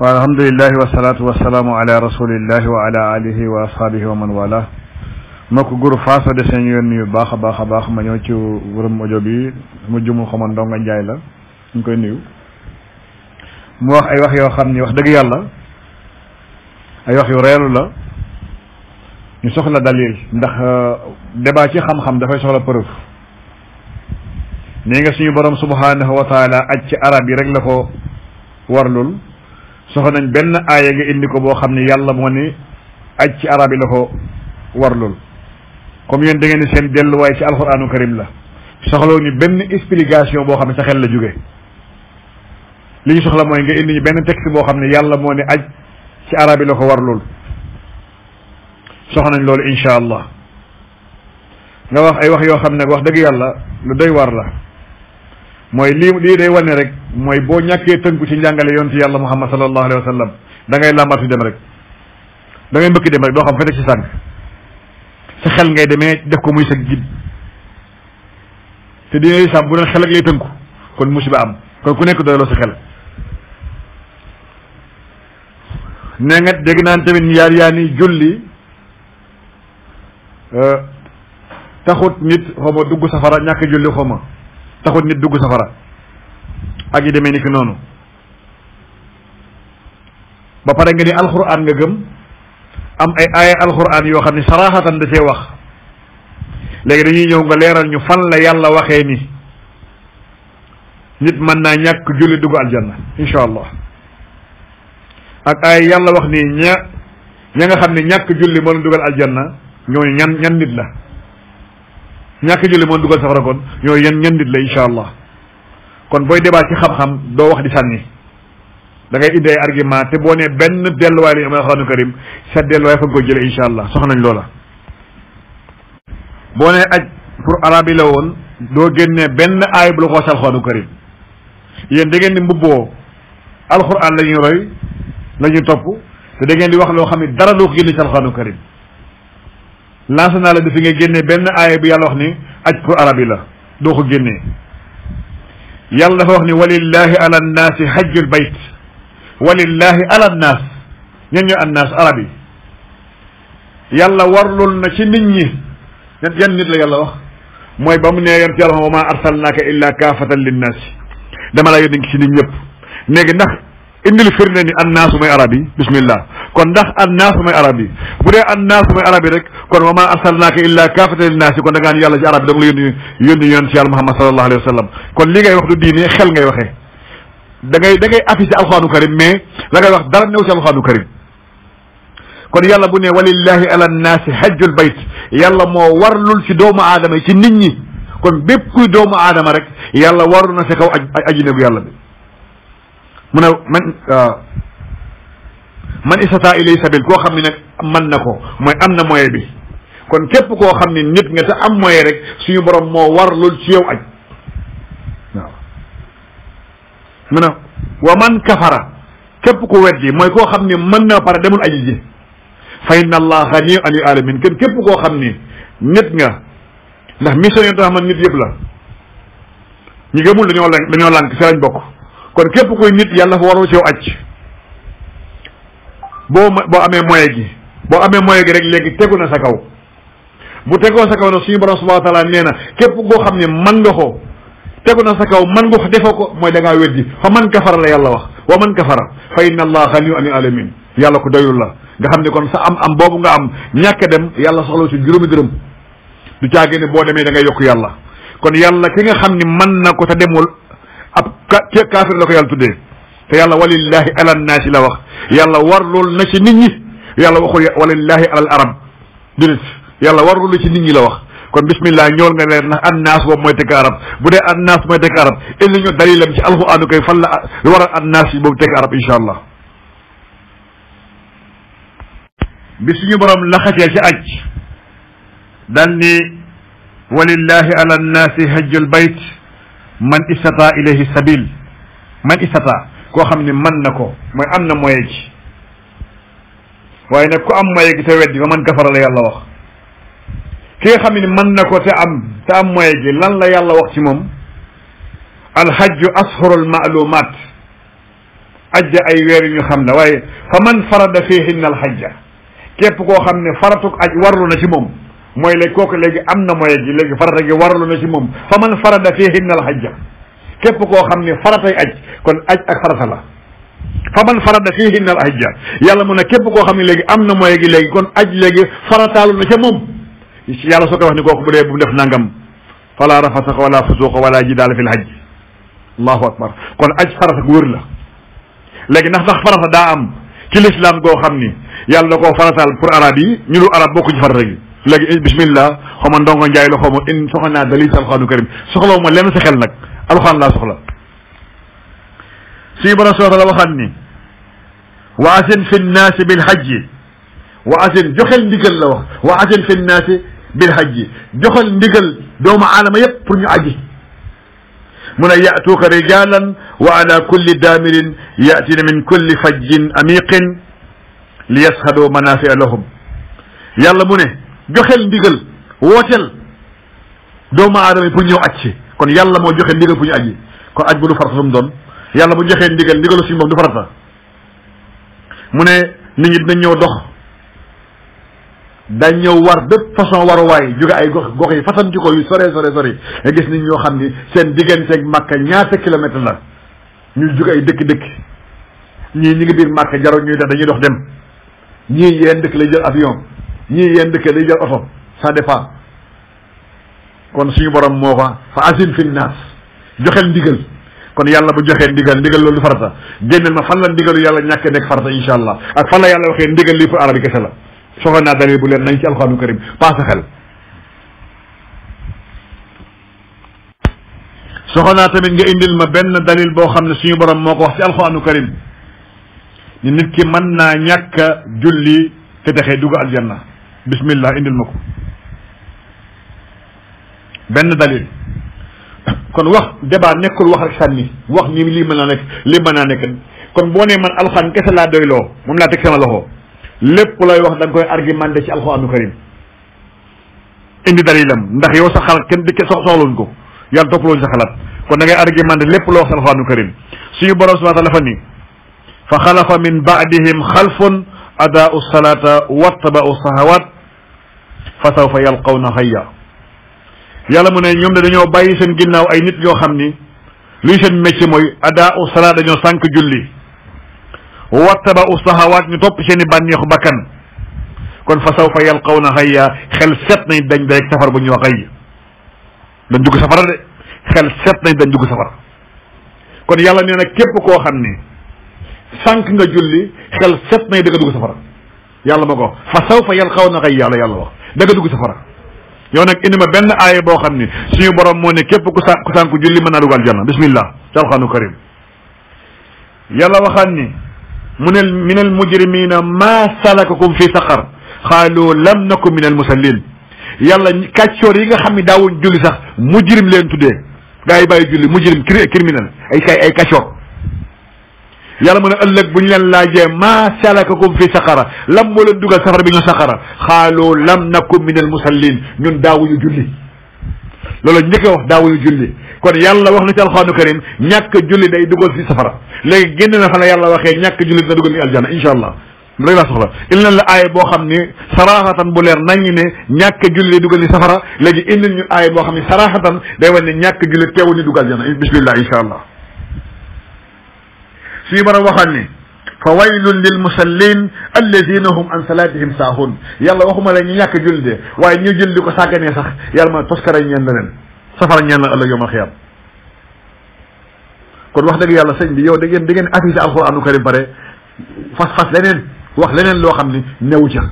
فالحمد لله والصلاة والسلام على رسول الله وعلى آله وأصحابه ومن والاه مكو غور فاس دي سيني نيو باخ باخ باخ ما نيو تي غورم اوجو بي مجو مو خمان دونغا جاي لا نيو مو واخ اي واخ يو خامني واخ دغ يالا اي واخ يو ريلو دليل ندخ ديبا سي خام خام دا فاي سخلا بروف نيغا سيني بروم سبحانه وتعالى اتي عربي رك لاكو soxla nañ benn aaya nga indi ko boo xam ne yàlla moo ni aj ci arab yi la ko warlul comme yenn da ngeen ni seen delluwaay ci alquranu karim la soxlawu ni benn explication boo xam ne sa xel la jóge li ñu soxla mooy nga indi ñu benn texte boo xam ne yàlla moo ni aj ci arab yi la ko warlul soxla nañ loolu incha allah nga wax ay wax yoo xam ne wax dëgg yàlla lu doy war la mooy lii lii day ne rek mooy boo ñàkkee tënku ci njàngale yonti yàlla muhammad sallallahu alayhi wa sallam da ngay làmbaatu dem rek da ngay mbëkki dem rek doo xam fete ci sànq sa xel ngay demee def ko muy sa gid te dina sa bu doon xel ak lay tënku kon musiba am kon ku nekk doyloo sa xel nee nga dégg naan tamit yaar yaa ni julli euh, taxut nit xaw ma dugg safara ñàkk julli xaw ma taxut nit dugg safara ak yi demee ni ki noonu ba pare nga ni nga gëm am ay aaya alquran yoo xam ne saraxatan da cee wax léegi dañuy ñëw nga leeral ñu fan la yàlla waxee ni nit mën naa ñàkk julli dugg aljanna incha allah ak ay yàlla wax ni ña ña nga xam ne ñàkk julli moo leen dugal aljanna ñooñu ñan ñan nit la ñàkk julli moo dugal safara kon ñooñu ñan ñan nit la incha allah kon booy débat ci xam-xam doo wax di sànni da ngay indi ay argument te boo nee benn delluwaay la ñu amee alxuraanu karim sa delluwaay fa nga ko jëlee incha allah soxla nañ loola. boo nee aj pour arabe yi la woon doo génnee benn aay bu la ko sa alxuraanu karim yéen da ngeen di mbubboo alxuraan la roy la topp te da ngeen di wax loo xam ne dara doo ko génne ci alxuraanu karim lancé naa la defi nga génnee benn aay bi yàlla wax ni aj pour arabe yi la doo ko génnee. يلا هوني ولله على الناس حج البيت ولله على الناس ينيو الناس عربي يلا ورلو النشي نيني ينيو الله يلا وخ موي بام نيو يرتي وما ارسلناك الا كافه للناس دما لا يدنك شي نيب نيغي نخ indil firnde ni annaasu mooy arab yi bismillah kon ndax annaasu mooy arab yi bu dee annaasu mooy arab yi rek kon wa maa arsalnaaka illaa kaafatan linnaasi kon da ngaa ni yàlla ci arab yi da nga la yónni yónni yonent ci yàlla Muhammad sallallahu alayhi wa sallam kon li ngay wax du diine xel ngay waxee da ngay da ngay affiché alxuraanu karim mais la ngay wax dara néew ci alxuraanu karim kon yàlla bu ne walillahi ala nnaasi hajjul bayt yàlla moo warlul ci doomu aadama yi ci nit ñi kon bépp kuy doomu aadama rek yàlla warlu na sa kaw aj aji néegu yàlla bi mu ne man euh, man istata ilay sabil koo xam ne nag man na ko mooy am na moyen bi kon képp koo xam ne nit nga te am moyen rek suñu boroom moo war loolu ci yow aj waaw mu ne wa man kafara képp ko ku weddi mooy koo xam ne mën na pare demul aji ji fa inna allah ganiyyun anil alamin kenn képp koo xam ni nit nga ndax mission yonte xam nit yëpp la ñu gëmul dañoo lànk dañoo lànk si lañ bokk kon képp koy nit yàlla fa waroo ci yow aj boo boo amee moyen gi boo amee moyen gi rek léegi tegu na sa kaw bu tegoo sa kaw na suñu borom subhanahu wa taala nee na képp koo xam ne man nga ko tegu na sa kaw man nga ko defe ko mooy da ngaa weddi fa man kafara la yàlla wax wa man kafara fa inna allah ganiyyun anil alamin yàlla ko doyul la nga xam ne kon sa am am boobu nga am ñàkk dem yàlla soxla ci juróomi dërëm du caagee ne boo demee da ngay yokk yàlla kon yàlla ki nga xam ne mën na ko te demul ab ka kaafir la ko yàlla tuddee te yàlla walillahi ala naasi la wax yàlla warlul na ci nit ñi yàlla waxul walillahi alal arab déedéet yàlla warlul na ci nit ñi la wax kon bismillah ñëwal nga leer ndax annaas boobu mooy tekki arab bu dee annaas mooy tekki arab indi ñu dalilam ci alxuraanu koy fan la lu war a annaas yi boobu tekki arab incha allah bi suñu borom laxatee ci aj dal ni walillahi ala nnaasi hajjul bayt man istata ilayhi sabil man istata koo xam ne man na ko mooy am na moye gi waaye nag ku am moye gi te weddi ko man kafara la yàlla wax ki nga xam ne man na ko te am te am moye gi lan la yàlla wax ci moom alhajju ashurul maalumat ajja ay weer yu ñu xam la waaye fa man farada fihinna alhajja képp koo xam ne faratuk aj warlu na ci moom mooy léegi kooku léegi am na moyen ji léegi farata gi warlu na ci moom fa man farada fihinna al hajja képp koo xam ne faratay aj kon aj ak farata la fa man farada fihinna al hajja yàlla mu ne képp koo xam ne léegi am na moyen gi léegi kon aj léegi farataalu na ca moom yàlla soo koy wax ni kooku bu dee bu mu def nangam fala rafasaka wala fusuqa wala jidaala fil hajj allahu akbar kon aj farata gu wër la léegi ndax ndax farata daa am ci l'islam goo xam ni yàlla da koo farataal pour arab yi ñu lu arab bokku ci farata gi léegi bismillah xaw ma ndongo njaay la xaw in soxla naa dalil sa alxuraanu karim soxlawu ma lenn sa xel nag alxuraan laa soxla suñu borom soxla la waxaat ni wa asin fi nnaasi bil wa asin joxel ndigal la wax wa asin fi nnaasi bil hajji ndigal doomu aadama yëpp pour ñu aji من يأتوك رجالا وعلى كل دامر يأتين من كل فج أميق ليشهدوا منافع لهم يلا منه joxel ndigal wooteel doomu aadama yi pour ñëw aj ci kon yàlla moo joxe ndigal pour ñu aji kon aj bu du farata lu mu doon yàlla bu joxee ndigal ndigalu suñu moom du farata mu ne nit ñi dinañ ñëw dox dañ ñëw war bépp façon waruwaay jóge ay gox gox yi fasanti ko yu sore sore sore nga gis nit ñoo xam ni seen digganteeg Makka ñaata kilomètre la ñu jóge ay dëkk-dëkk ñii ñi ngi biir Makka jaroon ñuy def dañuy dox dem ñii yeen dëkk lay jël avion ñii yenn dëkk day jël oto ça dépend kon suñu borom moo fa fa asin fi naas joxel ndigal kon yàlla bu joxee ndigal ndigal loolu farata génneel ma fan la ndigalu yàlla ñàkk nekk farata insha allah ak fan la yàlla waxee ndigal lii pour arabi kese la soxla naa dalil bu leen nañ ci alxuraanu karim paase xel soxla naa tamit nga indil ma benn dalil boo xam ne suñu borom moo ko wax ci alxuraanu karim ni nit ki mën naa ñàkk julli te texee dugg aljanna بسم الله اني المكو بن دليل كون واخ دبا نيكول واخ ساني واخ ني لي مانا نيك لي مانا نيك كون بو ني مان الخان كيسا لا دويلو موم لا تك سما لوخو لب لاي واخ دانكوي ارغيمانتي سي القران الكريم اندي دليلم ناخ يو سا خال كين ديك سو سولون كو يال توفلو سا خالات كون داغي ارغيمانتي لب لو واخ القران الكريم سيو بروس ما تلا فني فخلف من بعدهم خلف اداء الصلاه واتبعوا الصهوات fasawfa yalqawna hayya yàlla mu ne ñoom de dañoo bàyyi seen ginnaaw ay nit ñoo xam ni luy seen métier mooy adaa u sala dañoo sànq julli wattaba u ñu topp seen i bakkan kon fasawfa yalqawna hayya xel set nañ dañ rek safar bu ñuy wax xëy dañ dugg safara de xel set nañ dañ dugg kon yàlla nee na képp koo xam ni sànq nga julli xel set nañ da nga dugg safara يلا بقى فسوف يلقون غيا لا يلا بقى دغ دغ سفر يو نك انما بن ايه بو خامني سيو بروم مو ني كيب كوسان كوسان كو جولي منا دوغال جنة بسم الله تلخان كريم يلا وخاني من من المجرمين ما سلككم في سقر قالوا لم نكن من المسلين يلا كاتشور ييغا خامي داو جولي صاح مجرم لين تودي غاي باي جولي مجرم كريمينال اي كاي اي كاتشور yàlla mu ne ëllëg bu ñu leen laajee maa salakakum fi saqara lam moo leen dugal safara bi ñu saqara xaaloo lam nakum min al musallin ñun daawuñu julli loolu njëkk wax daawuñu julli kon yàlla wax na ci alxuraanu karim ñàkk julli day dugal ci safara léegi génn na fa la yàlla waxee ñàkk julli dina dugal ci aljana incha allah rek laa soxla il na la aaya boo xam ni saraxatan bu leer nañu ne ñàkk julli day dugal ni safara léegi indi ñu aaya boo xam ne saraxatan day wane ne ñàkk julli teewul ni dugal aljana bismillah incha allah suñu borom waxoon ni fa waylun lil musallin alladina hum an salatihim saahun yàlla waxuma la ñu ñàkk julli de waaye ñu julli ko sàgganee sax yàlla ma toskara ñeen la leen safara ñeen la ëllëg yawmal xiyaam kon wax dëgg yàlla sëñ bi yow da ngeen da ngeen affiché alquranu karim pare fas fas leneen wax leneen loo xam ni newu ca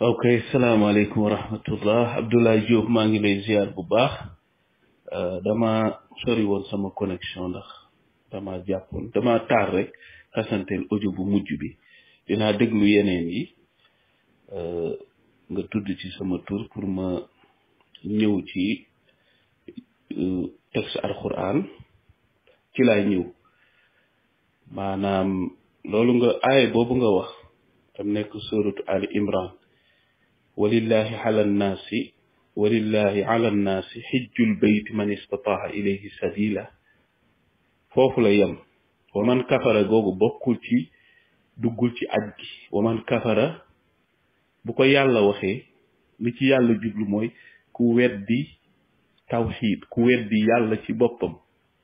ok salaamaaleykum wa rahmatullah Abdoulaye Diop maa ngi lay ziar bu baax euh, dama sori woon sama connexion ndax dama jàppoon dama taar rek xasanteel audio bu mujj bi dinaa déglu yeneen yi euh, nga tudd ci sama tur pour ma ñëw ci euh, texte alxuraan ci laay ñëw maanaam loolu nga aaye boobu nga wax tam nekk suratu ali imran walillahi ala nnaasi walillahi ala nnaasi xijjul bayti man istataa ilayhi sabila foofu la yem wa man kafara googu bokkul ci duggul ci aj gi wa man kafara bu ko yàlla waxee li ci yàlla jublu mooy ku weddi tawxiid ku weddi yàlla ci boppam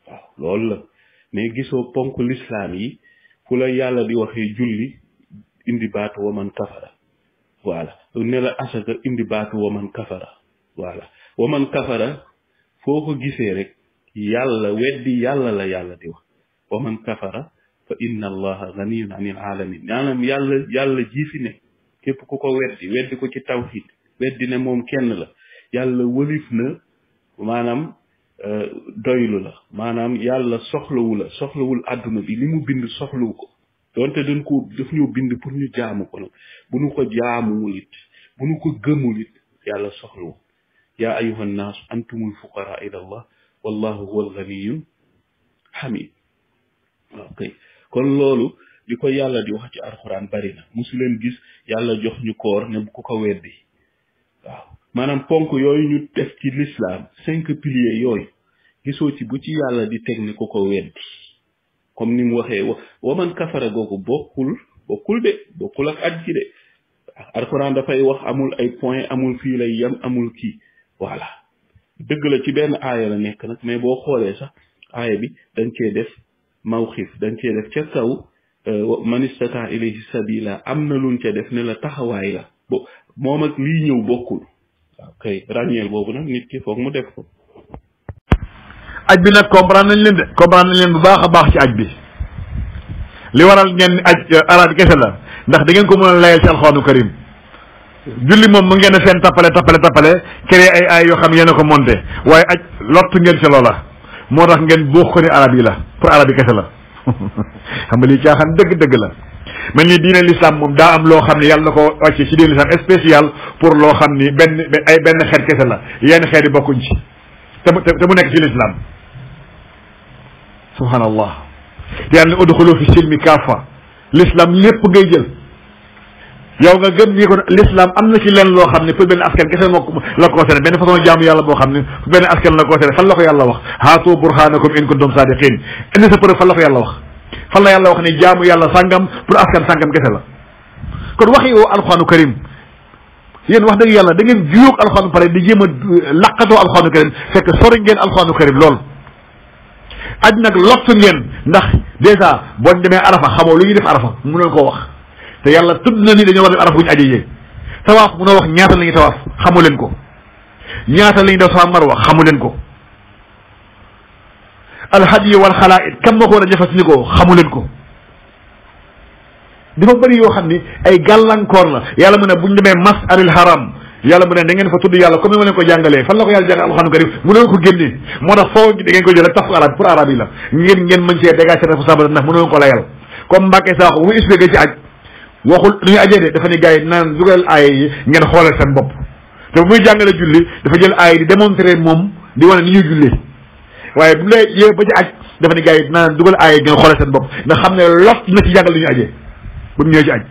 waaw loolu la mais gisoo ponk lislaam yi fu la yàlla di waxee julli indi baatu wa man kafara voilà ne la asaka indi baatu wa man kafara voilà waman kafara foo ko gisee rek yàlla weddi yàlla la yàlla di wax waman kafara fa inna allaha ganiyun anil alamin maanaam yàlla yàlla jii fi ne képp ku ko weddi weddi ko ci tawhid weddi ne mom kenn la yàlla wëlif na manam doylu la manam yàlla soxlawu la soxlawul àdduna bi li mu bind soxlawu ko donte dañ ko daf ñoo bind pour ñu jaamu ko nag bu ñu ko jaamuwul it bu ñu ko gëmul it yàlla soxlawu yaa ayyuha nnaas antumul fuqaraa ila wallahu huwa alganiyul xamid kon loolu li ko yàlla di wax ci alxuraan bari na musu leen gis yàlla jox ñu koor ne ku ko weddi waaw maanaam ponk yooyu ñu def ci lislaam cinq piliers yooyu gisoo ci bu ci yàlla di teg ne ku ko weddi comme ni mu waxee wa waman kafara googu bokkul bokkul de bokkul ak aj gi de alxuraan dafay wax amul ay point amul fii lay yem amul kii voilà dëgg la ci benn aaya la nek nag mais boo xoolee sax aaya bi dañ cee def mawxif dañ cee def ca kaw manistata istata ilayhi sabila am na luñ ca def ne la taxawaay la bo moom ak lii ñëw bokkul waaw kay ràññeel boobu nag nit ki foog mu def ko aj bi nag comprendre nañ leen de comprendre nañ leen bu baax a baax ci aj bi li waral ngeen aj arab kese la ndax da ngeen ko mën a layal ci alxuraanu karim julli moom mu ngeen a seen tappale tappale tappale créé ay ay yoo xam yéen a ko monté waaye aj lott ngeen ca loola moo tax ngeen boo ko ne arab yi la pour arab yi kese la xam nga lii caaxaan dëgg-dëgg la mel ni diine l'islam moom daa am loo xam ne yàlla na ko wàcce ci diine l'islam spécial pour loo xam ni benn ay benn xeet kese la yenn xeet yi bokkuñ ci te mu te mu nekk ci l'islam subhanallah te yàlla ne udxulu fi silmi kaafa l'islam lépp ngay jël yow nga gëm ni ko l'islam am na ci lenn loo xam ne pour benn askan kese moo la concerné benn façon jaamu yàlla boo xam ne pour benn askan la concerné fan la ko yàlla wax haatu burhanakum in kuntum sadiqin indi sa preuve fan la ko yàlla wax fan la yàlla wax ne jaamu yàlla sàngam pour askan sàngam kese la kon waxi woo alxuraanu karim yéen wax dëgg yàlla da ngeen juyoog alxuraanu pare di jéem a laqatoo alxuraanu karim fekk sori ngeen alxuraanu karim lool aj nag lottu ngeen ndax dèjà boo demee arafa xamoo lu ñuy def arafa mënoon koo wax te yàlla tudd na ni dañu war a def araf bu ñu ajee tawaaf munoo wax ñaata la ñuy tawaaf xamu leen ko ñaata la ñuy def sa marwa xamu leen ko alhadiyu wal xalaa'id kam ma ko war a jëfandikoo xamu leen ko dafa bëri yoo xam ni ay gàllankoor la yàlla mu ne bu ñu mas mas'alil haram yàlla mu ne da ngeen fa tudd yàlla comme ni ma leen ko jàngalee fan la ko yàlla jàngal alxuraan karim mu ne ko génnee moo tax foo da ngeen ko jëlee taf arab pour arab yi la ngeen ngeen mën cee dégager responsabilité ndax mënoon ko layal comme Mbacke Sakho bu expliqué ci aj waxul lu ñu ajee de dafa ne gars yi naan dugal aaya yi ngeen xoolal seen bopp te bu muy jàngale julli dafa jël aaya di démontrer moom di wane ni ñu jullee waaye bu lay yee ba ci aj dafa ne gars yi naan dugal aaya yi ngeen xoolal seen bopp nga xam ne lot na ci jàngal lu ñu ajee bu mu ñëwee ci aj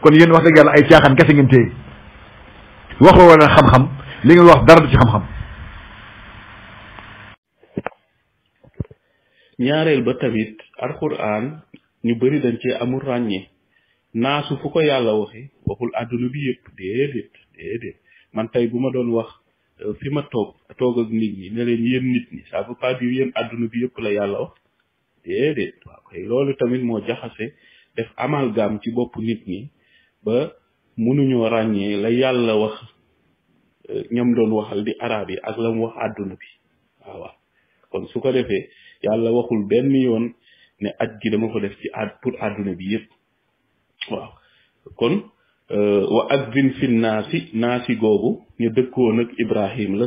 kon yéen wax dëgg yàlla ay caaxaan kese ngeen téye waxoo wala xam-xam li ngeen wax dara du ci xam-xam. ñaareel ba tamit alxuraan ñu bëri dañ cee amul ràññee. naasu fu yàlla waxee waxul àdduna bi yépp déedéet déedéet man tey bu ma doon wax euh, fi ma toog toog ak nit ñi ne leen yéen nit ñi ça veut pas dire yéen àdduna bi yëpp la yàlla wax déedéet waaw loolu tamit moo jaxase def amalgame ci bopp nit ñi ba mënuñoo ràññee la yàlla wax euh, ñam doon waxal di araab yi ak la mu wax àdduna bi waaw kon su ko defee yàlla waxul benn yoon ne aj gi dama def ci ad pour àdduna bi yëpp waaw kon wa advin fi naasi naasi googu ñu dëkkoo nag Ibrahim la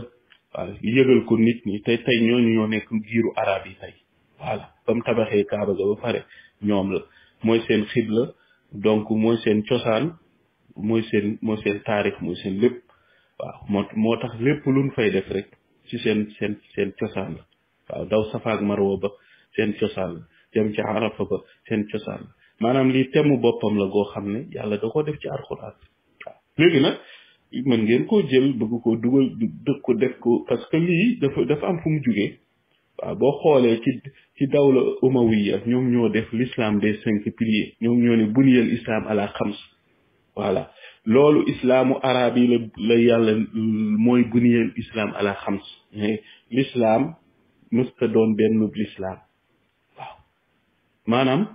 waaw yëgal ko nit ñi tey tey ñooñu ñoo nekk giiru arab yi tey voilà ba mu tabaxee Kaaba ga ba pare ñoom la mooy seen xibla donc mooy seen cosaan mooy seen mooy seen taarix mooy seen lépp waaw moo moo tax lépp luñ fay def rek ci seen seen seen cosaan la waaw daw safaak marwa ba seen cosaan la jëm ci arafa ba seen cosaan la manam li temu bopam la go xamne yàlla da ko def ci alquran waaw léegi man ngeen ko jël bëgg ko duggal dëkk ko def ko parce que li dafa dafa am fu mu jugee wa bo xolé ci ci dawla umawiya ñom ñoo def l'islam des cinq piliers ñom ñoo ni buniyal islam ala khams voilà lolu islam arab yi la la yàlla moy buniyal islam ala khams mais l'islam mësta doon benn l'islam waaw manam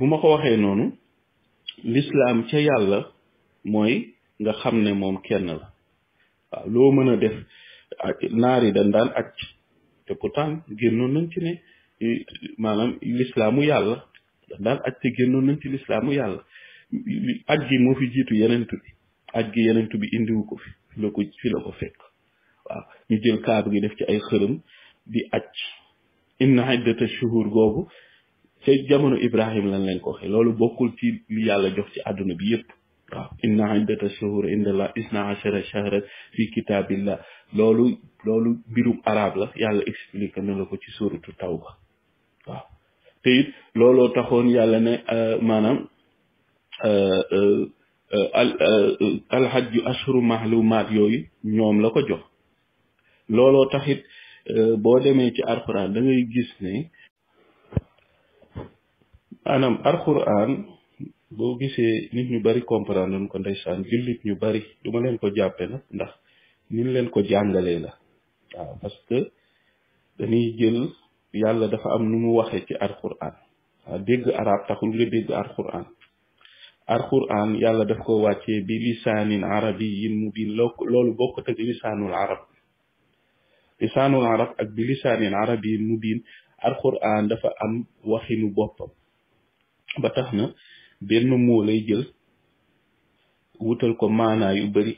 bu ma ko waxee noonu lislaam ca yàlla mooy nga xam ne moom kenn la loo mën a def naar yi dañ daan aj te pourtant génnoon nañ ci ne lislaamu yàlla dañ daan aj ci lislaamu yàlla aj gi moo fi jiitu yenentu bi aj gi yenentu bi indiwu ko fi fi ko fekk waaw ñu jël kaaba gi def ci ay xërëm di na inna iddata shuhur googu ca jamono Ibrahim lan leen ko waxee loolu bokkul ci yàlla jox ci àdduna bi yëpp waaw inna iddata shuhur inda la isna achara shahra fi kitaabillah loolu loolu mbirum arab la yàlla expliqué na la ko ci suratu taw waaw te it looloo yàlla ne euh, maanaam euh, euh, alhajju ashuru mahlumaat yooyu ñoom la ko jox looloo taxit boo demee ci alxuraan da gis ne maanaam alxuraan boo gisee nit ñu bari comprendre nañ ko ndeysaan jullit ñu bari duma leen ko jàppe nag ndax ni ñu leen ko jàngalee la waaw parce que dañuy jël yàlla dafa am nu mu waxee ci alxuraan waaw dégg arab taxul nga dégg alxuraan alxuraan yàlla def ko wàccee bi lisaanin arabiyyin mubiin loolu bokkut ak lisaanul arab lisaanul arab ak bi mu arabiyyin mubiin alxuraan dafa am waxinu boppam ba tax na benn mu lay jël wutal ko maanaa yu bari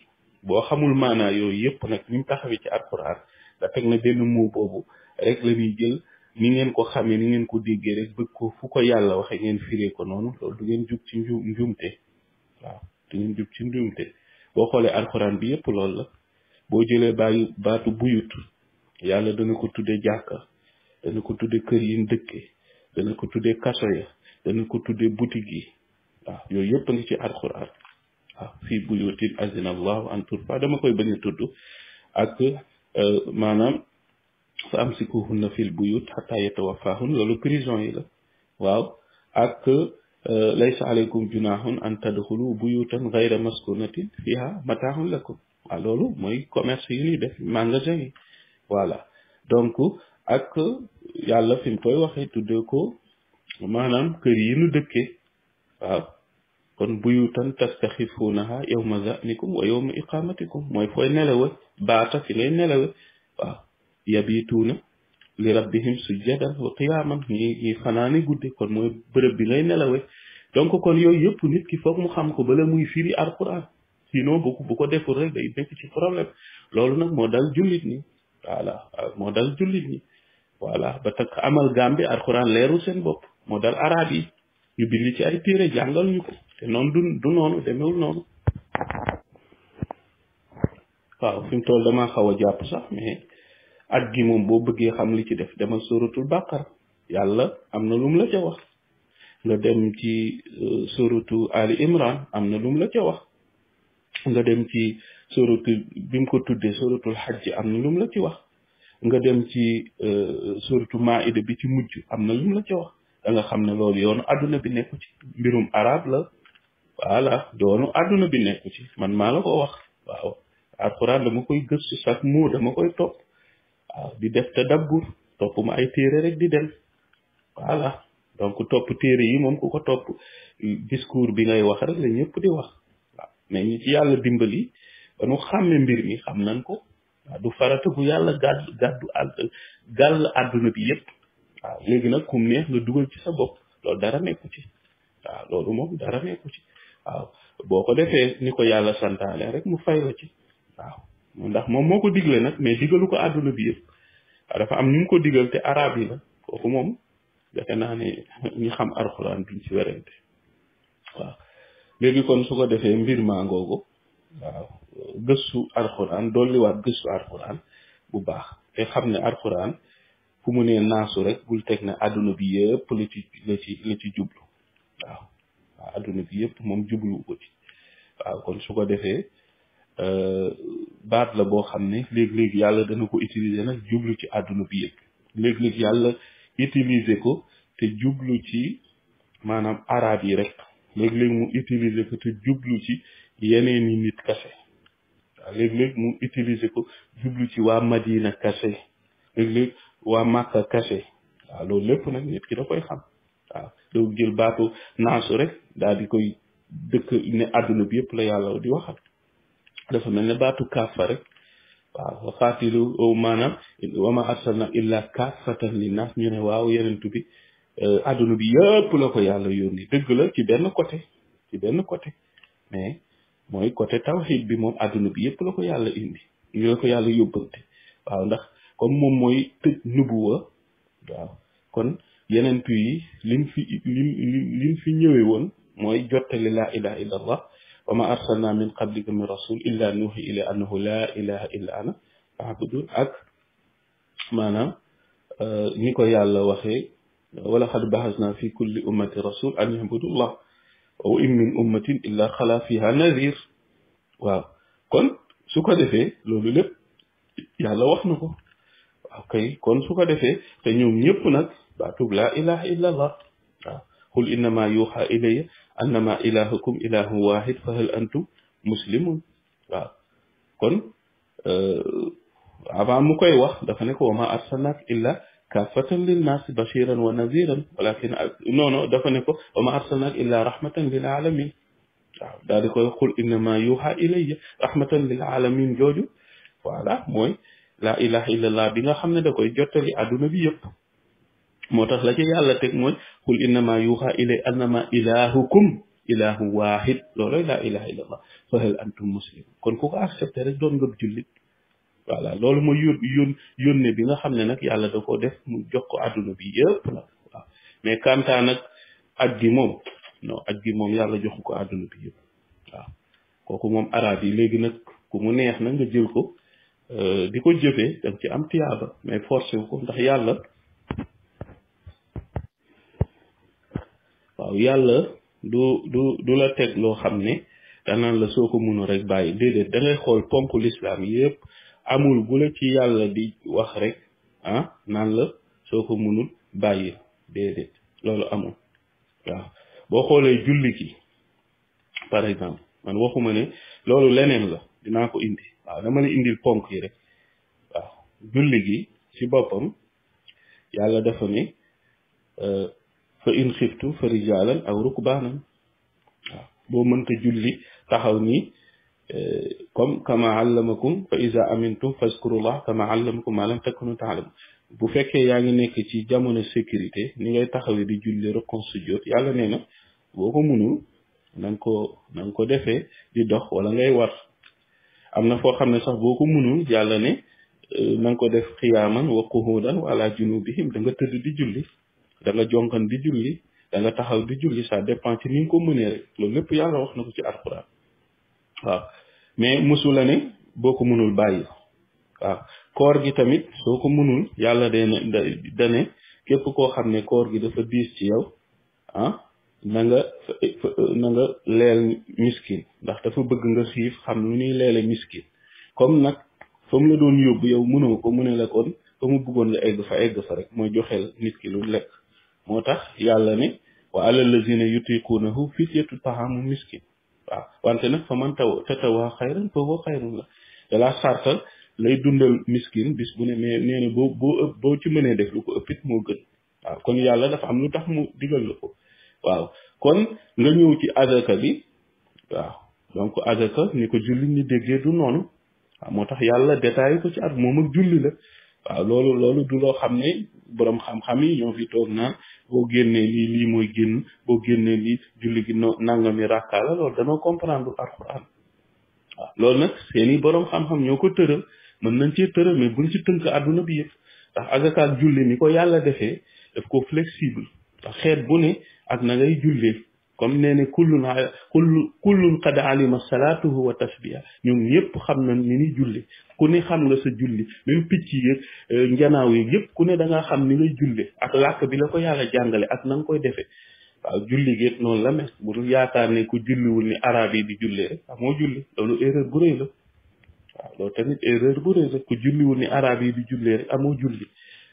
boo xamul maanaa yooyu yëpp nag ni taxawee ci alxuraan da teg na benn moo boobu rek la jël ni ngeen ko xamee ni ngeen ko déggee rek bëgg ko fu ko yàlla waxe ngeen firee ko noonu loolu du ngeen jub ci nju njuumte waaw du ngeen ci njuumte boo xoolee alxuraan bi yëpp lool la boo jëlee baatu buyut yàlla dana ko tudde jàkka dana ko tudde kër yi dëkke dana ko tudde dañ ko tuddee boutique yi waaw yooyu yëpp ngi ci alquran waaw bu buyutin azina allahu an turfa dama koy bañ a tudd ak maanaam fa am kuhun na fil buyut xata yatawafaahun loolu prison yi la waaw ak laysa alaykum junahun an tadxulu buyutan gayra maskunatin fiha mataahun lakum waaw loolu mooy commerce yi ñuy def magasin yi voilà donc ak yàlla fi mu koy waxee tuddee ko manam keur yi nu dëkke waaw kon buyutan tastaxifuunaha yawma zanikum wa yawma iqamatikum moy foy fooy ba ta fi ngay nelawe waaw yabituna li rabbihim sujjadan wa qiyaman ñi ñi fanaane gudde kon moy bërëb bi ngay nelawe donc kon yoy yep nit ki foog mu xam ko bala muy firi alquran sino bu ko bu ko defu rek day nekk ci problème lolou nak mo dal julit ni wala mo dal julit ni wala ba tak amal gambe alquran leeru sen bop moo dal arab yi ñu bind ci ay téere jàngal ñu ko te noonu du du noonu demewul noonu waaw fi mu toll damaa xaw a jàpp sax mais at gi moom boo bëggee xam li ci def demal suratul bàqara yàlla am na lu mu la wax nga dem ci suratu ali am na lu la ca wax nga dem ci euh, suratu bi ko tuddee suratul xajj am na lu la ci wax nga dem ci euh, suratu maida bi ci mujj am na lu mu la ca wax danga xam ne lool yoonu adduna bi nekku mbirum arab la voilà yoonu adduna bi nekku ci man maa la ko wax waaw alxuraan dama koy gëstu chaque mot dama koy topp di def te dabbur topp ay téere rek di dem voilà donc topp téere yi moom ku ko topp discours bi ngay wax rek la ñëpp di wax waaw mais ñi yàlla dimbali ba nu xàmme mbir mi xam nañ ko du farata bu yàlla gàddu gàddu àll bi yëpp waaw léegi nag kum neex nga dugal ci sa bopp loolu dara nekku ci waaw loolu moom dara nekku ci waaw boo ko defee ni ko yàlla santaale rek mu fay la ci waaw ndax moom moo ko digle nag mais digalu ko àdduna bi yëpp dafa am ñu ko digal te arab yi la kooku moom defe naa ne ñi xam alxuraan duñ ci werante léegi kon su ko defee mbir maa ngoogu waaw gëstu alxuraan dolliwaat gëstu alxuraan bu baax te xam ne alxuraan fu mu nee naasu rek bul teg ne àdduna bi yëpp la ci la ci la ci jublu waaw waaw àdduna bi yëpp moom jublu ko ci waaw kon su ko defee euh, baat la boo xam ne léeg-léeg yàlla dana ko utiliser nag jublu ci àdduna bi yëpp léeg-léeg yàlla utiliser ko te jublu ci maanaam arab yi rek léeg-léeg mu utiliser ko te jublu ci yeneen i nit kase waaw léeg-léeg mu utiliser ko jublu ci waa Madina kase léeg-léeg waa Màkka kase waaw loolu lépp nag nit ki da koy xam waaw doo jël baatu naasu rek daal di koy dëkk ne àdduna bi yëpp la yàlla di waxal dafa mel ne baatu kaafa rek waaw wa qaatilu maanaam wa ma arsalna illa kaafatan li naas ñu ne waaw yenentu bi àdduna euh, bi yëpp la ko yàlla yónni dëgg la ci benn côté ci benn côté mais mooy côté tawxiid bi moom àdduna bi yëpp la ko yàlla indi ñu yàlla yóbbante ndax comme moom mooy tëj nubuwa waaw kon yeneen yi lim fi lim lim lim fi ñëwee woon mooy jottali laa ilaha illa allah wa ma arsalna min qablika min rasul illa nuhi ila annahu la ilaha illa ana fabudu ak maanaam ni ko yàlla waxee wala xad bahasna fi kulli ummati rasul an yabudu allah wa in min ummatin illa xala fiha nadir waaw kon su ko defee loolu lépp yàlla wax na ko kay kon su ko defee te ñoom ñëpp nag baatub laa ilaha illa allah waaw qul innama yuuxa ilaya annama ilahukum ilahun wahid fa hal antum muslimun waaw kon avant mu koy wax dafa ne ko wa ma arsalnak illa kafatan linnaasi bashiran wa naziran walakin non non dafa ne ko wa ma arsalnak illa rahmatan lil alamin waaw daal di koy qul innama yuuxa ilaya rahmatan lil alamin jooju voilà mooy la ilaha illallah bi nga xam ne da koy jottali àdduna bi yëpp moo tax la ci yàlla teg mooy qul innama yuuxa ilay annama ilahukum ilahu wahid looloy la ilaha illallah fa hal antum muslim kon ku ko accepté rek doon nga jullit voilà loolu mooy yón yón yónne bi nga xam ne nag yàlla da koo def mu jox ko àdduna bi yëpp nag waaw mais kanta nag aj gi moom non aj gi moom yàlla joxu ko àdduna bi yëpp waaw kooku moom arab yi léegi nag ku mu neex na nga jël ko Euh, di ko jëfee da nga ci am tiyaaba mais forcé wu ko ndax yàlla yàlla du du du la teg loo xam ne danaan la soo ko mënul rek bàyyi déedéet da ngay xool ponk lislaam yëpp amul bu la ci yàlla di wax rek ah naan la soo ko mënul bàyyi déedéet loolu amul waaw boo xoolee julli ki par exemple man waxuma ne loolu leneen la dinaa ko indi waaw dama la indil ponk yi rek waaw julli gi ci boppam yàlla dafa ni euh, fa in xiftu fa rijaalan aw rukbaanan waaw boo mënta julli taxaw nii euh, comme kama allamakum fa iza amintum fazkurullah kama allamakum ma lam takunu taalamun bu fekkee yaa nekk ci jamono sécurité ni ngay taxawee di julli rukun yàlla nee na boo ko munul na ko na ko defee di dox wala ngay war am na foo xam ne sax boo ko mënul yàlla ne euh, na ko def xiyaaman wa quhuudan wa ala bi da nga tëdd di julli da jonkan di julli da taxaw di julli ça dépend ci ni ko mënee rek loolu lépp yàlla wax na ko ci alquran waaw mais mosu la ne boo ko mënul bàyyi waaw koor gi tamit soo ko mënul yàlla dane dane képp koo xam ne koor gi dafa diis ci yow ah, na nga na nga leel miskin ndax dafa bëgg nga xiif xam lu ñuy leele miskin comme nag fa la doon yóbbu yow mënoo ko mu ne la kon fa mu bëggoon la egg fa egg fa rek mooy joxeel nit ki lu lekk moo tax yàlla ne wa alal lazina yutiquunahu fidyatu taamu miskin waaw wante nag fa man taw tatawaa xayran fa huwa xayrun la dalaa sartal lay dundal miskin bis bu ne mais nee boo ëpp boo ci mënee def lu ko ëppit moo gën waaw kon yàlla dafa am lu tax mu digal waaw kon nga ñëw ci azaka bi waaw donc azaka ni ko julli ni déggee du noonu waaw moo tax yàlla détaillé ko ci at moom ak julli la waaw loolu loolu du loo xam ne boroom xam-xam yi ñoo fi toog naan boo génnee lii génn boo génnee lii julli gi no nangami rakka la loolu danoo comprendre alxuraan waaw loolu nag seeni ko tëral mën nañ cee tëra mais buñ ci tënk àdduna bi yëpp ndax azaka ak julli ni ko yàlla defee daf ko flexible ndax xeet bu ne ak na ngay julle comme nee ne kullun kullu kullun qad alima salaatuhu wa tasbiya ñun ñëpp xam na ni ni julle ku ne xam nga sa julli même picci yeeg njanaaw yeeg yëpp ku ne da nga xam ni ngay julle ak làkk bi la ko yàlla jàngale ak nang koy defé waaw julli géet non la mel bu dul yaakaar ne ku julli wul ni arab yi di julle rek amoo julli loolu erreur bu reuy la waaw loolu tamit erreur bu reuy la ku julli wul ni arab yi di julle rek amoo julli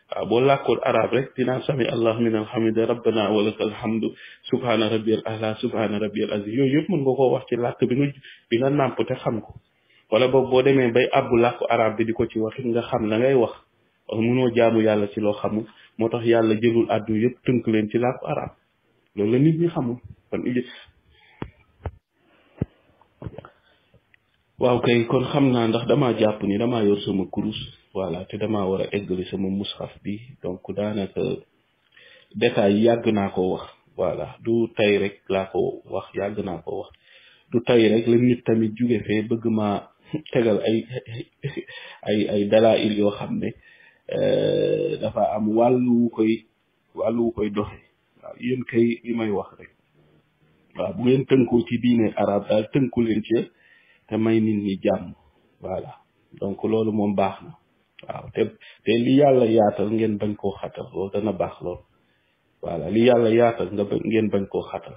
waaw ah, boo làkkoon arab rek dinaa sami allahu min alhamida rabbana walaka alhamdu subhaana rabbiyal ala subhaana rabbiyal azim yooyu yëpp mën nga koo wax ci làkk bi nga bi nga xam ko wala boobu boo demee bay àbbu làkku araab bi di ko ci waxit nga xam la ngay wax mënoo jaamu yàlla ci loo xamu moo tax yàlla jëlul àddu yëpp tënk leen ci làkku arab loolu la nit ñi kay kon xam naa ndax dama jàpp ni damaa yor sama kurus voilà te dama war a eggali sama mushaf bi donc daanaka détail yàgg naa ko wax voilà du tey rek laa ko wax yàgg naa ko wax du tey rek la nit tamit jóge fee bëgg ma tegal ay ay ay dalaa il yoo xam ne dafa am wàllu wu koy wàllu wu koy doxe waaw yéen kay li may wax rek waaw bu ngeen tënkoo ci diine arab daal tënku leen ci te may nit ñi jàmm voilà donc loolu moom baax na waaw te li yàlla yaatal ngeen bañ koo xatal loolu dana baax lool voilà li yàlla yaatal nga ngeen bañ koo xatal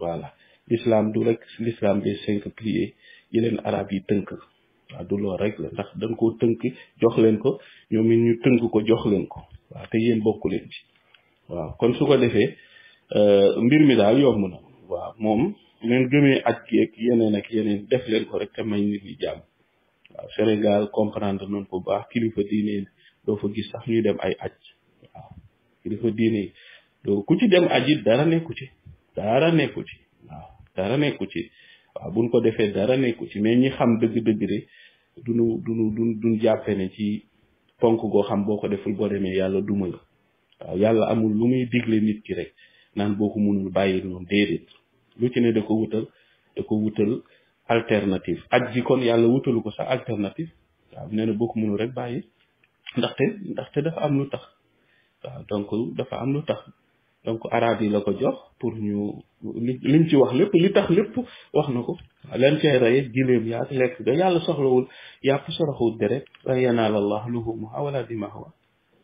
voilà lislaam du rek l'islam de cinq piliers yi leen arab yi tënk waaw du loolu rek la ndax dañ koo tënk jox leen ko ñoom it ñu tënk ko jox leen ko waaw te yéen bokku leen ci waaw kon su ko defee euh, mbir mi daal yomb na waaw moom leen gëmee ak yeeg yeneen ak yeneen def leen ko rek te may nit ñi jàmm waaw Sénégal comprendre nañ ko baax kilifa diine doo fa gis sax ñuy dem ay aj waaw kilifa diine yi doo ku ci dem aji dara nekku ci dara nekku ci waaw dara nekku ci waaw buñ ko defee dara nekku ci mais ñi xam dëgg-dëgg de duñu duñu duñ jàppe ne ci ponk goo xam boo ko deful boo demee yàlla duma la waaw yàlla amul lu muy digle nit ki rek naan boo ko munul bàyyi noonu déedéet lu ci ne da ko wutal da ko wutal alternative aj ji kon yàlla wutalu ko sax alternative waaw nee na boo ko mënul rek bàyyi ndaxte ndaxte dafa am lu tax waaw donc dafa am lu tax donc arab yi la ko jox pour ñu li lim ci wax lépp li tax lépp wax na ko leen cay reye giléem yaag lekk ga yàlla soxlawul yàpp soraxul deret lan yanaal allah luhumuha wala dimaahuha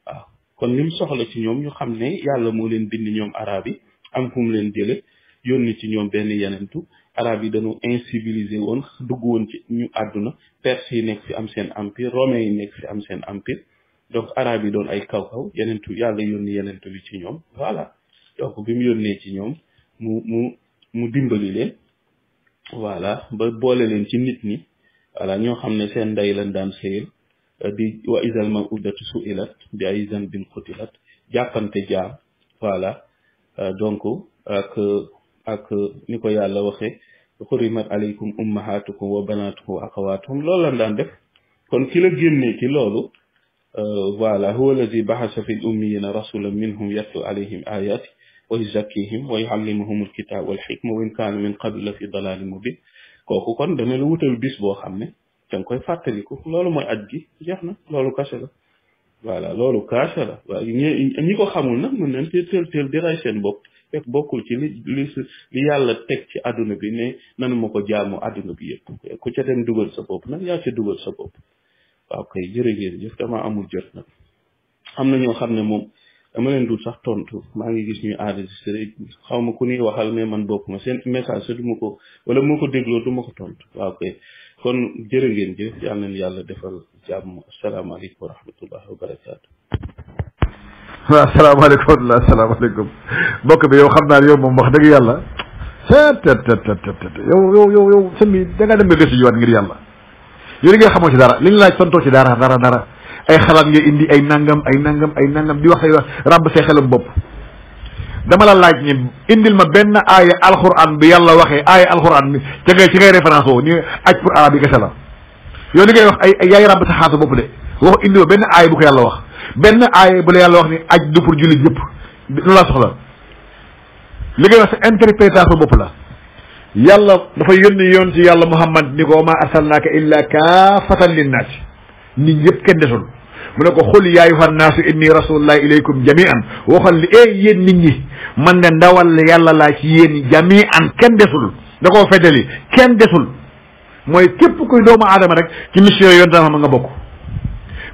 waaw kon lim soxla ci ñoom ñu xam ne yàlla moo len bind ñoom arab yi am fu mu leen jële yónni ci ñoom benn yenentu arab yi dañu incivilisé woon dugg woon ci ñu àdduna perse yi nekk fi am seen empire romain yi nekk fi am seen empire donc arab yi doon ay kaw-kaw yenentu yàlla yónni yenentu bi ci ñoom voilà donc bi mu yónnee ci ñoom mu mu mu dimbali leen voilà ba boole leen ci nit ñi voilà ñoo xam ne seen ndey lañ daan sëyal euh, di wa isal ma uddatu su ilat bi ay zan bin xutilat jàppante jaam voilà euh, donc ak ak ni ko yàlla waxee خرمت عليكم أمهاتكم وبناتكم وأخواتكم لا لن دندف كن كلا جنني كلا لو فعلى هو الذي بحث في الأميين رسولا منهم يتلو عليهم آيات ويزكيهم ويعلمهم الكتاب والحكم وإن كان من قبل في ضلال مبين كوكو كون دا نلوتال بيس بو خامني تنكوي فاتليكو لولو موي اجي جيخنا لولو كاسلا voilà loolu kaasa la waaw ñi ko xamul nag mën nañ teel teel di ray seen bopp bokkul ci li li yàlla teg ci àdduna bi ne nan ma ko jaamu àdduna bi yëpp ku ca dem dugal sa bopp nag yaa ca dugal sa bopp waaw kay jërë ngeen jëf dama amul jot nag am na ñoo xam ne moom dama leen dul sax tontu maa ngi gis ñuy enregistré xaw ma ku ñuy waxal mais man bopp ma seen message sa du ma ko wala moo ko dégloo du ko tontu waaw kay kon jërë ngeen jëf yal nañu yàlla defal jàmm asalaamaaleykum wa rahmatullah wa bi yow xam naa yow wax dëgg yàlla. yow yow yow yow sëñ bi da ngaa dem nga gëstu jiwaat ngir yàlla yow li nga xamoo ci dara li ñu laaj tontoo ci dara dara dara. ay xalaat nga indi ay nangam ay nangam ay nangam di wax ay wax ràbb say xelam bopp dama la laaj ni indil ma ben aya alquran bi yalla waxe aya alquran bi ci ngay ci ngay référence woo ni aj pour arab yi la yo ni ngay wax ay yaay ràbb sa xatu bop de wax indi ben aya bu ko yalla wax ben aya bu la yalla wax ni aj du pour jullit yëpp lu la soxla li ngay wax interprétation la yalla dafa yoni yoon ci muhammad ni ko ma arsalnaka illa kaafatan linnaas nit ñepp kenn desul mu ne ko xul yaa ayyuhan naasu inni rasulullahi ilaykum jami'an waxal li eh yéen nit ñi man de ndawal yàlla laa ci yéen jami'an kenn desul da koo feddali kenn desul mooy képp kuy doomu aadama rek ci mission yoon dama ma nga bokk.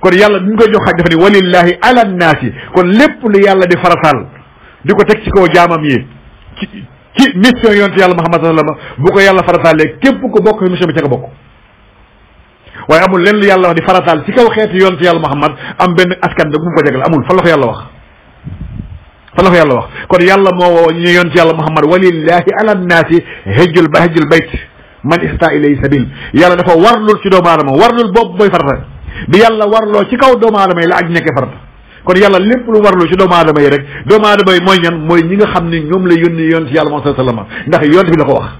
kon yàlla bi ñu koy jox xaj dafa ni walillahi ala naasi kon lépp lu yàlla di farataal di ko teg ci kaw jaamam yi ci ci mission yonte yàlla Muhammad sallallahu alayhi wa sallam bu ko yàlla farataalee képp ku bokk mission bi ca nga bokk. waaye amul lenn lu yàlla wax di farataal ci kaw xeeti yoon ci yàlla Muhammad am benn askan da bu mu ko jagal amul fan la ko yàlla wax fan la ko yàlla wax kon yàlla moo woo ñu yoon ci yàlla Muhammad walillahi ala nnaasi hajjul ba hajjul bayt man ista ilay sabil yàlla dafa warlul ci doomu aadama warlul boobu mooy farata bi yàlla warloo ci kaw doomu aadama yi la aj nekkee farata kon yàlla lépp lu warlu ci doomu aadama yi rek doomu aadama yi mooy ñan mooy ñi nga xam ne ñoom la yónni yoon ci yàlla moom sallallahu alayhi wa sallam ndax yoon bi la ko wax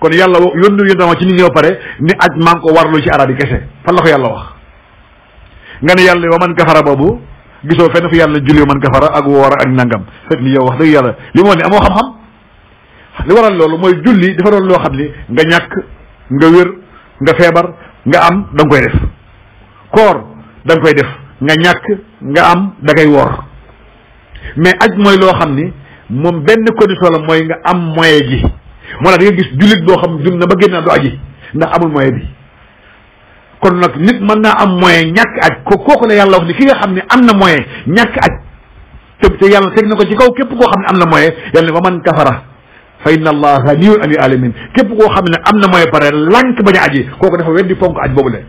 kon yàlla yónni yónni ma ci nit ñi ba pare ni aj maa ngi ko warlu ci arab yi kese fan la ko yàlla wax nga ne yàlla wa man kafara boobu gisoo fenn fu yàlla julli man kafara ak woor ak nangam fekk ni yow wax dëgg yàlla li moo wax ni amoo xam-xam li waral loolu mooy julli dafa doon loo xam ni nga ñàkk nga wér nga feebar nga am da koy def koor da koy def nga ñàkk nga am da ngay woor mais aj mooy loo xam ni moom benn condition la mooy nga am moyen ji mo tax da gis julit boo xam dum na ba génn do aji ndax amul moyen bi kon nak nit man na am moyen ñak aj ko kooku la yàlla wax ni ki nga xam ne am na moyen ñàkk aj te te yàlla tek nako ci kaw kep ko xam ne am na moyen yàlla wa man kafara fa inna allaha ganiyun anil alamin kep ko xam ne am na moyen pare lànk baña aji koku dafa weddi fonk aj bobu le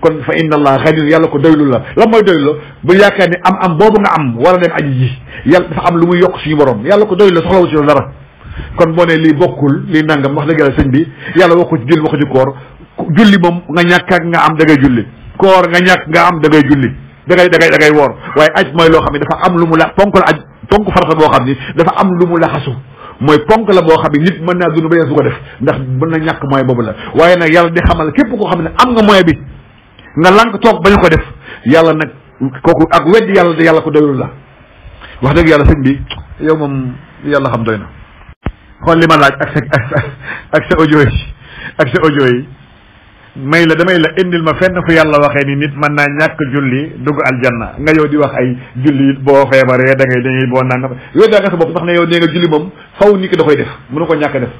kon fa inna allaha ganiyun yàlla ko doylu la lan moy doylu bu yakane am am bobu nga am wala dem aji ji yàlla dafa am lu muy yok suñu borom yàlla ko doylu la soxlawu ci dara kon bo ne lii bokkul li nangam wax deugal yàlla bi yalla waxu ci julli waxu ci koor julli mom nga ñak ak nga am dagay julli koor nga ñak nga am dagay julli dagay dagay dagay wor way aj moy lo xamni dafa am lu mu la ponk la aj ponk farata bo xamni dafa am lu mu xasu moy ponk la bo xamni nit meuna gënu ba ko def ndax meuna ñak moy bobu la waaye nag yalla di xamal ko xamni am nga moy bi nga lank tok bañ ko def yalla nak koku ak wedd yalla de yàlla ko doyul la wax deug yalla sëñ bi yow mom yalla xam doyna xool li ma laaj ak sa ak sa audio yi ak sa audio yi may la damay la indil ma fenn fu yàlla waxee ni nit mën naa ñàkk julli dugg aljanna nga yow di wax ay julli boo feebaree da ngay dañuy boo nangam yow daa nga sa bopp ndax ne yow nee nga julli moom faw nit ki da koy def mënu ko ñàkk def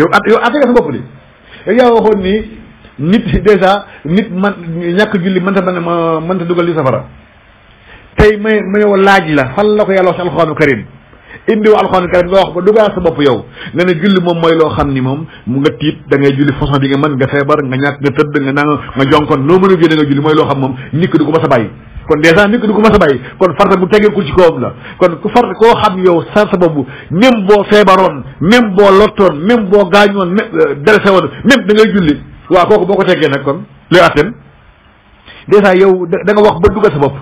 yow at yow atte nga sa bopp di yow yaa waxoon ni nit dèjà nit man ñàkk julli mënta mën ma mënta dugal li safara tey may ma yow laaj la fan la ko yàlla wax si alxuraanu karim indiw alxuraan karim nga wax ba dugal sa bopp yow nga ne julli moom mooy loo xam ni moom mu nga tiit da ngay julli façon bi nga mën nga feebar nga ñàkk nga tëdd nga nanga nga jonkoon loo mën a génne nga julli mooy loo xam moom nit ki du ko mas a bàyyi kon dèjà nit ki a ko ci kawam koo yow sar sa boo feebaroon même boo lottoon même boo gaañoon même euh, dressé woon même da ngay julli waaw kooku boo ko teggee nag kon luy atteen dèjà yow da nga wax ba dugal sa bopp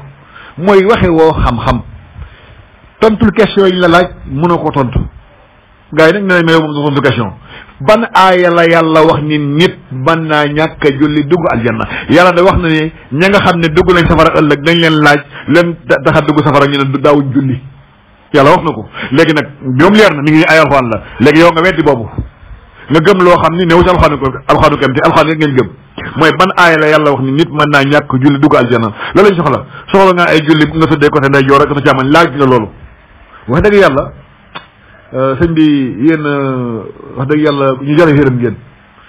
mooy waxe woo xam-xam tontul question yi la laaj mënoo ko tontu gars yi nag nee nañ ma yow moom tontu question ban aaya la yàlla wax ni nit ban naa ñàkk a julli dugg aljanna yàlla da wax na ne ña nga xam ne dugg nañ safara ëllëg dañ leen laaj leen a dugg safara ñu ne daawuñ julli yàlla wax na ko léegi nag ñoom na mi ngi ay alxuraan la léegi yow nga weddi boobu nga gëm loo xam ni néew si alxaanu ko alxaanu ko mooy ban aaya la wax ni naa ñàkk julli dugg aljanna loolu lañ soxla soxla nga ay julli nga tëddee ko ndeyjoor ak côté càmmoñ laaj na loolu wax dëgg yàlla euh, sëñ bi yéen euh, wax dëgg yàlla ñu jërë yërëm ngeen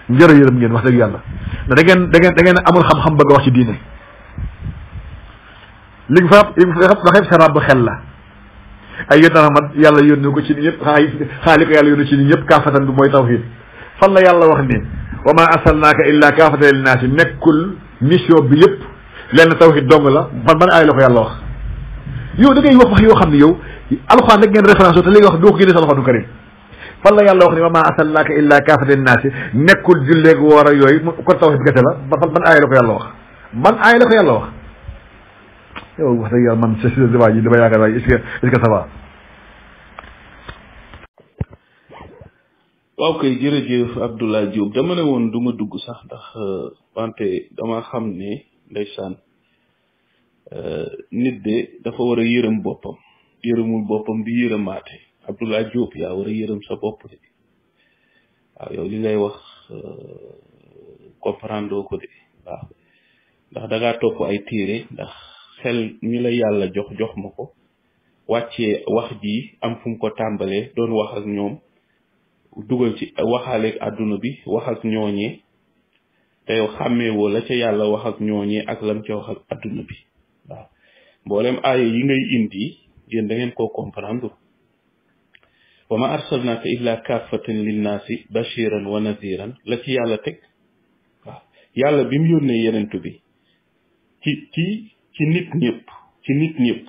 ñu jërë yiram ngeen wax dëgg yàlla da ngeen da ngeen da ngeen amul xam-xam bëgg a wax ci diine li nga fa li nga fa waxee sa ràbb xel la ay yéen ahmad yàlla yónni ko ci ni ñëpp xaa xaali ko yàlla yónni ci ni ñëpp kaafatan bi mooy tawhid fan la yàlla wax ni wa ma arsalnaaka illa kaafatan linnaasi nekkul mission bi yëpp lenn tawhid dong la man ban ay la ko yàlla wax yow da ngay wax wax yoo xam ne yow alxuraan nag ngeen référence te léegi wax doo ko génne sa alxuraan karim fan la yàlla wax ne wa maa arsalnaaka illaa kaafatan naasi nekkul julleeg woor a yooyu kon tawhid gese la ba fan ban aaya la ko yàlla wax ban aaya la ko yàlla wax yow wax dëgg yàlla man sa sida waa ji dama yaakaar waay est-ce que est-ce que ça va waaw kay jërëjëf Abdoulaye Diop dama ne woon du ma dugg sax ndax wante dama xam ne ndeysaan Euh, nit de dafa war a yërëm boppam yërëmul boppam bi yërëmaate Abdoulaye Diop yaa war a yërëm sa bopp de waaw yow li wax euh, comprendre ko de waaw ndax da topp ay téere ndax xel mi la yàlla jox jox ma ko wàccee wax ji am fu ko tàmbalee doon wax ak ñoom dugal ci waxaale ak àdduna bi wax ak ñooñee te yow xàmmeewoo la ca yàlla wax ak ñooñee ak lam ca wax ak àdduna bi mboolem aaya yi ngay indi yéen dangeen ngeen koo comprendre wa ma arsalnaaka illa kaafatan linnaasi bashiran wa naziran la ci yàlla teg waaw yàlla bi mu yónnee yenentu bi ci ci ci nit ñëpp ci nit ñëpp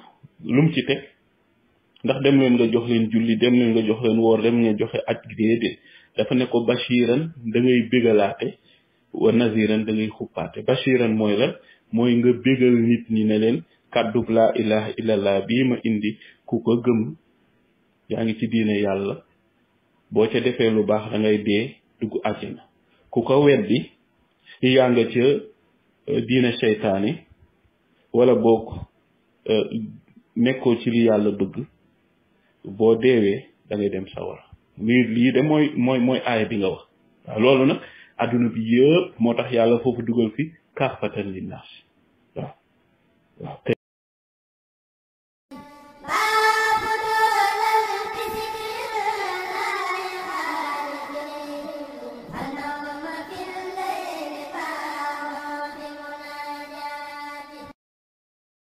lu ci teg ndax dem leen nga jox leen julli dem leen nga jox leen woor dem nga joxe aj gi déedéet dafa ne ko bashiran da ngay bégalaate wa naziran da ngay xuppaate bashiran mooy la mooy nga bégal nit ñi ne leen kaddu la ilaha illallah bi ma indi ku ko gëm yaa ngi ci diine yàlla bo ca defé lu baax da ngay dee dugg àjjana ku ko weddi yaa nga ca euh, diine seytaane wala boog euh, nekko ci li yàlla bëgg boo deewee da ngay dem sawar li li de moy moy moy ay bi nga wax lolu nak aduna bi yëpp motax yalla fofu foofu dugal fi kafatan linnas waaw